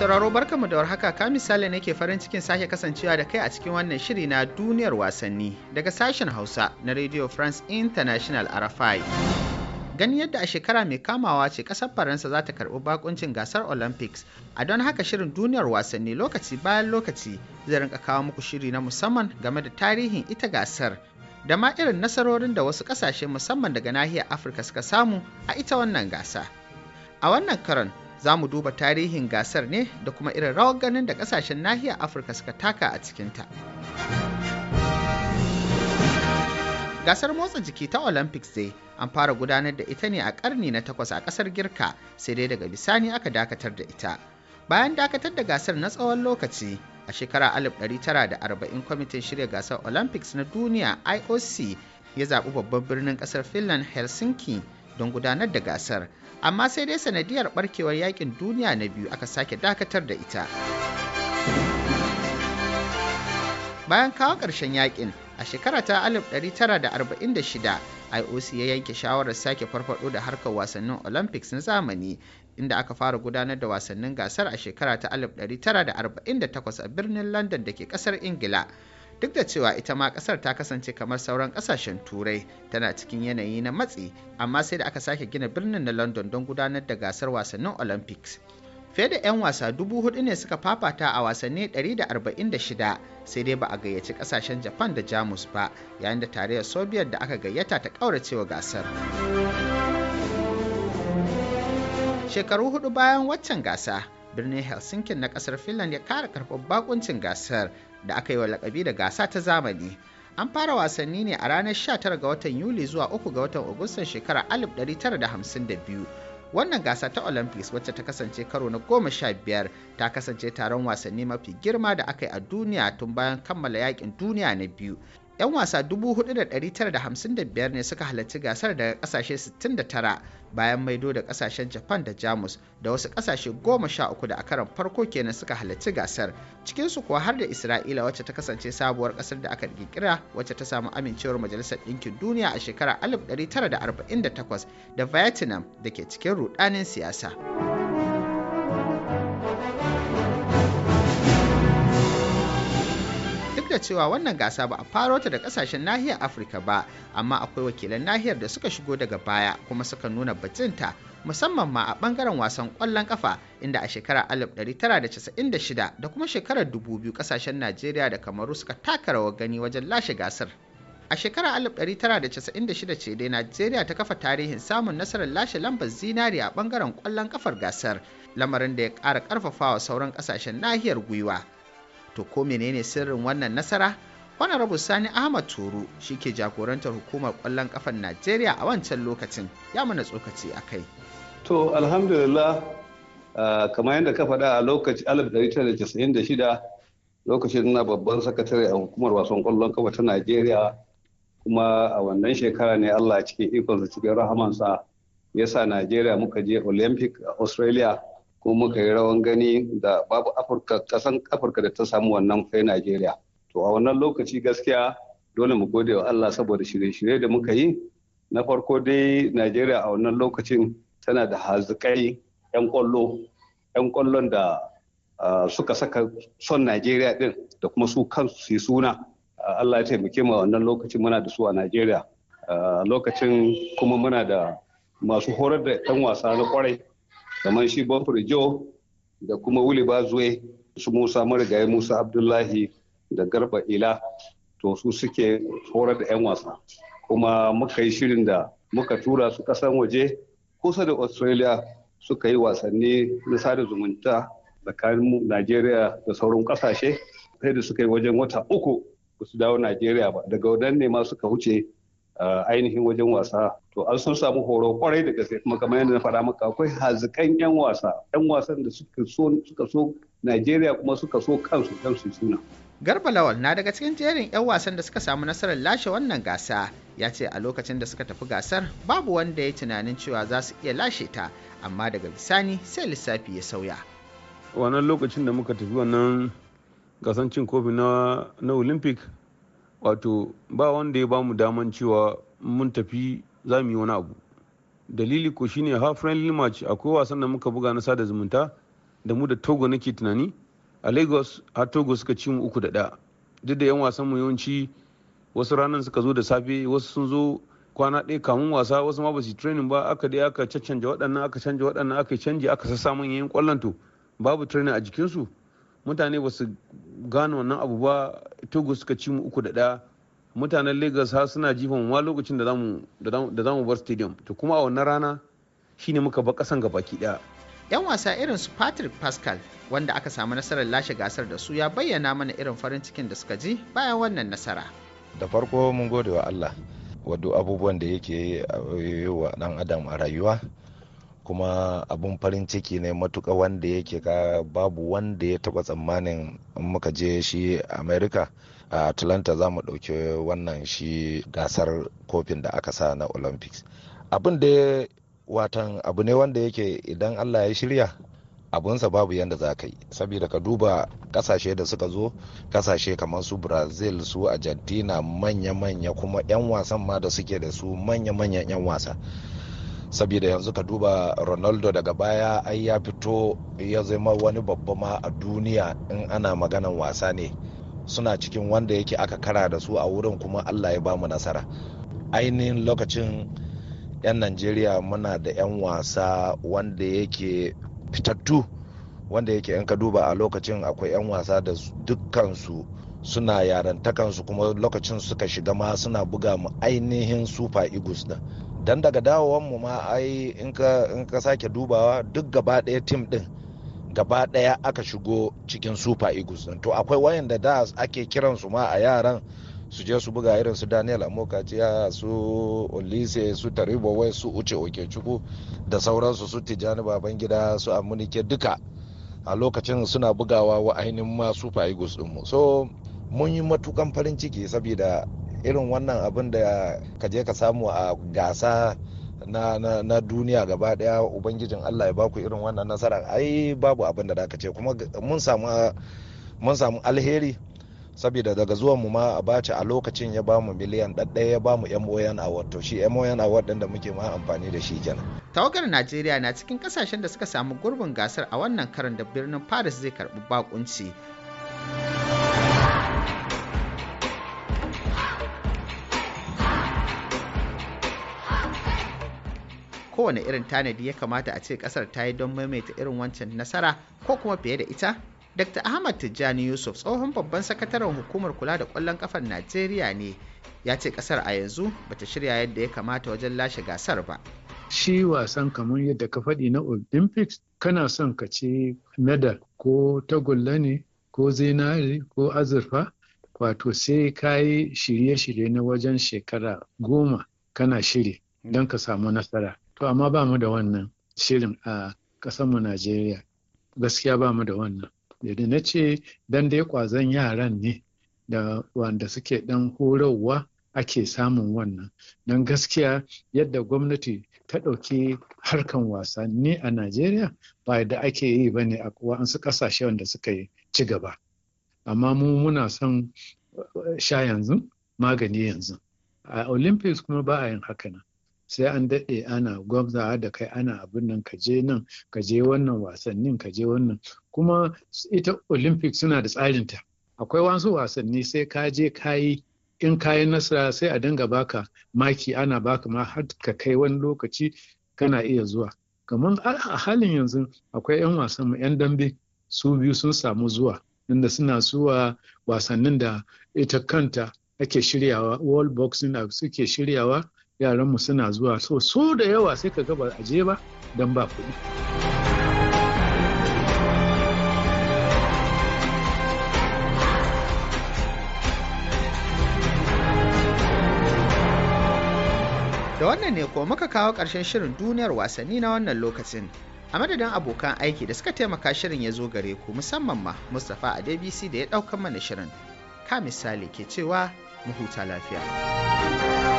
sauraro barkamu da warhaka ka misali ne ke farin cikin sake kasancewa da kai a cikin wannan shiri na duniyar wasanni daga sashen Hausa na Radio France International RFI. Gani yadda a shekara mai kamawa ce kasar Faransa za ta karɓi bakuncin gasar Olympics, a don haka shirin duniyar wasanni lokaci bayan lokaci zai rinka kawo muku shiri na musamman game da tarihin ita gasar da ma irin nasarorin da wasu ƙasashe musamman daga nahiyar Afirka suka samu a ita wannan gasa. A wannan karon za mu duba tarihin gasar ne da kuma irin rawar ganin da kasashen nahiyar afirka suka taka a cikinta gasar motsa jiki ta olympics dai an fara gudanar da ita ne a karni na takwas a kasar girka sai dai daga bisani aka dakatar da ita bayan dakatar da gasar na tsawon lokaci a shekara 1940 kwamitin shirya gasar olympics na duniya ioc ya zaɓi babban birnin ƙasar finland helsinki don gudanar da gasar amma sai dai sanadiyar barkewar yakin duniya na biyu aka sake dakatar da ita bayan kawo ƙarshen yakin a shekara ta 1946 IOC ya yanke shawarar sake farfado da harkar wasannin Olympics na zamani inda aka fara gudanar da wasannin gasar a shekara ta 1948 a birnin London da ke kasar Ingila. duk da cewa ita ma kasar ta kasance kamar sauran kasashen turai tana cikin yanayi na matsi amma sai da aka sake gina birnin na london don gudanar da gasar wasannin olympics fiye da 'yan wasa dubu hudu ne suka fafata a wasanni 146 sai dai ba a gayyaci kasashen japan da jamus ba yayin da tarayyar soviet da aka gayyata ta kauracewa gasar shekaru hudu bayan waccan gasa birnin helsinki na kasar finland ya kara karɓar bakuncin gasar da aka yi wa lakabi da gasa ta zamani. An fara wasanni ne a ranar 19 ga watan Yuli zuwa 3 ga watan Agustan shekarar 1952. Wannan gasa ta Olympics wacce ta kasance karo na goma sha biyar ta kasance taron wasanni mafi girma da aka yi a duniya tun bayan kammala yakin duniya na biyu 'yan wasa 4,955 ne suka halarci gasar daga kasashe 69 bayan maido da kasashen japan da jamus da wasu kasashe 13 da a karan farko kenan suka halarci gasar cikinsu kuwa har da isra'ila wacce ta kasance sabuwar kasar da aka kirkira wacce ta samu amincewar majalisar ɗinkin duniya a shekarar 1948 da vietnam da ke cikin rudanin siyasa. da cewa wannan gasa ba a faro ta da kasashen nahiyar Afirka ba, amma akwai wakilan nahiyar da suka shigo daga baya kuma suka nuna batinta musamman ma a bangaren wasan kwallon kafa inda a shekarar 1996 da kuma shekarar 2000 kasashen Najeriya da Kamaru suka taka rawar gani wajen lashe gasar. A shekarar 1996 ce dai Najeriya ta kafa tarihin samun nasarar lashe lambar zinari a bangaren kwallon kafar gasar, lamarin da ya ƙara ƙarfafawa sauran kasashen nahiyar gwiwa. to ko menene sirrin wannan nasara wani rabu sani ahmad turu shi ke jagorantar hukumar kwallon kafan najeriya a wancan lokacin ya mana tsokaci a kai to alhamdulillah kamar yadda ka faɗa a lokacin 1996 lokacin na babban sakatare a hukumar wasan kwallon kafa ta najeriya kuma a wannan shekara ne allah cikin ikonsa cikin rahamansa ya sa najeriya muka je olympic a australia ko muka yi rawan gani da babu afirka kasan afirka da ta samu wannan kai najeriya to a wannan lokaci gaskiya dole mu gode wa allah saboda shirye-shirye da muka yi na farko dai najeriya a wannan lokacin tana da hazikai 'yan kwallo 'yan kwallon da suka saka son najeriya din da kuma su kansu su yi suna allah ya taimake mu a wannan lokacin muna da su a najeriya lokacin kuma muna da masu horar da 'yan wasa na kwarai kamar shi Bonfure jo da kuma Wuli Bazue su Musa Marigayi Musa Abdullahi da Garba Ila to su suke horar da 'yan wasa kuma muka yi shirin da muka tura su kasan waje kusa da Australia suka yi wasanni na sada zumunta tsakanin Najeriya da sauran kasashe sai da suka yi wajen wata uku ba su dawo Najeriya ba daga ne ma suka wuce. ainihin wajen wasa to an sun samu horo kwarai da gaske kuma kamar yadda na faɗa maka akwai hazikan yan wasa yan wasan da suka so suka Najeriya kuma suka so kansu dan su suna Garba Lawal na daga cikin jerin 'yan wasan da suka samu nasarar lashe wannan gasa ya ce a lokacin da suka tafi gasar babu wanda ya tunanin cewa za su iya lashe ta amma daga bisani sai lissafi ya sauya. Wannan lokacin da muka tafi wannan gasancin cin kofi na Olympic wato ba wanda ya bamu daman cewa mun tafi za mu yi wani abu dalili ko shine ha friendly match akwai wasan da muka buga na sada zumunta da mu da togo nake tunani a lagos har togo suka ci mu uku da ɗaya duk da yan wasan mu yawanci wasu ranar suka zo da safe wasu sun zo kwana ɗaya kamun wasa wasu ma ba su training ba aka dai aka caccanja waɗannan aka canja waɗannan aka canji aka sassa manyan ƙwallon to babu training a jikinsu mutane ba su gane wannan abu ba togo suka ci mu uku da ɗaya mutanen lagos har suna jifan wa lokacin da za mu bar stadium to kuma a wannan rana shine muka ba kasan gabaki ɗaya 'yan wasa irin su patrick pascal wanda aka samu nasarar lashe gasar da su ya bayyana mana irin farin cikin da suka ji bayan wannan nasara da farko mun gode wa allah wadda abubuwan da yake yi wa dan adam a rayuwa kuma abun farin ciki ne matuka wanda yake ka babu wanda ya taba tsammanin in muka je shi america a atlanta za mu ɗauki wannan shi gasar kofin da aka sa na olympics abin da watan abu ne wanda yake idan allah ya shirya abunsa babu yadda za ka yi saboda ka duba kasashe da suka zo kasashe kamar su brazil su argentina manya-manya kuma 'yan wasan ma da suke da su manya-manyan 'yan wasa saboda yanzu ka duba ronaldo daga baya ai ya fito ya zama wani babba ma a duniya in ana maganan wasa ne suna cikin wanda yake aka kara da su a wurin kuma allah ya bamu nasara ainihin lokacin 'yan najeriya muna da 'yan wasa wanda yake fitattu wanda yake 'yan ka duba a lokacin akwai 'yan wasa da dukkansu suna yarantakansu kuma lokacin suka shiga ma suna buga mu ainihin super eagles din dan daga dawowan mu ma ai in ka sake dubawa duk gaba ɗaya tim din gaba ɗaya aka shigo cikin super eagles din to akwai wayanda da ake kiran su ma a yaran su je su buga irin su daniel amokaciya su olise su taribo wai su uce okechukwu da sauransu su tijjani babangida su amunike duka a lokacin suna bugawa wa ainihin ma super eagles din mu so mun yi matukan farin ciki saboda irin wannan abin da ka je ka samu a gasa na, na, na duniya gaba daya ubangijin allah ya baku irin wannan nasara ai babu abin da ka ce kuma mun samu alheri saboda daga zuwan mu ma a baci a lokacin ya bamu miliyan ɗaɗɗaya ya bamu MON award to shi MON award ɗin da muke ma amfani da shi kenan. Tawagar Najeriya na cikin kasashen da suka samu gurbin gasar a wannan karan da birnin Paris zai karɓi bakunci. kowane irin tanadi ya kamata a ce kasar ta yi don maimaita irin wancan nasara ko kuma fiye da ita? Dr. Ahmad Tijjani Yusuf tsohon babban sakataren hukumar kula da kwallon kafar Najeriya ne ya ce kasar a yanzu bata shirya yadda ya kamata wajen lashe gasar ba. Shi wasan kamar yadda ka faɗi na Olympics kana son ka ce medal ko tagulla ne ko zinari ko azurfa wato sai ka yi shirye-shirye na wajen shekara goma kana shiri don ka samu nasara. to amma ba mu da wannan shirin a mu najeriya gaskiya ba mu da wannan da na ce dan dai kwazon yaran ne da wanda suke dan horarwa ake samun wannan don gaskiya yadda gwamnati ta ɗauki harkan wasanni a najeriya ba da ake yi ba ne a wa'ansu ƙasashe wanda suka yi ci gaba amma mu muna son eh, sha yanzu magani yanzu a olympics kuma ba a yin haka nan sai an daɗe ana gwamzawa da kai ana abin nan ka je nan ka je wannan wasannin ka je wannan kuma ita olympic suna da tsarin ta akwai wasu wasanni sai ka je ka in kayan nasara sai a dinga baka maki ana baka ma har ka kai wani lokaci kana iya zuwa kamar a halin yanzu akwai 'yan wasan mu 'yan dambe su biyu sun samu zuwa inda suna zuwa wasannin da ita kanta ake shiryawa world boxing suke shiryawa yaranmu suna zuwa so so da yawa sai ka gaba a ba don ba kuɗi. Da wannan ne ko muka kawo ƙarshen shirin duniyar wasanni na wannan lokacin. a madadin abokan aiki da suka taimaka shirin ya zo gare ku musamman ma mustapha a dbc da ya ɗaukan mana shirin ka misali ke cewa mu huta lafiya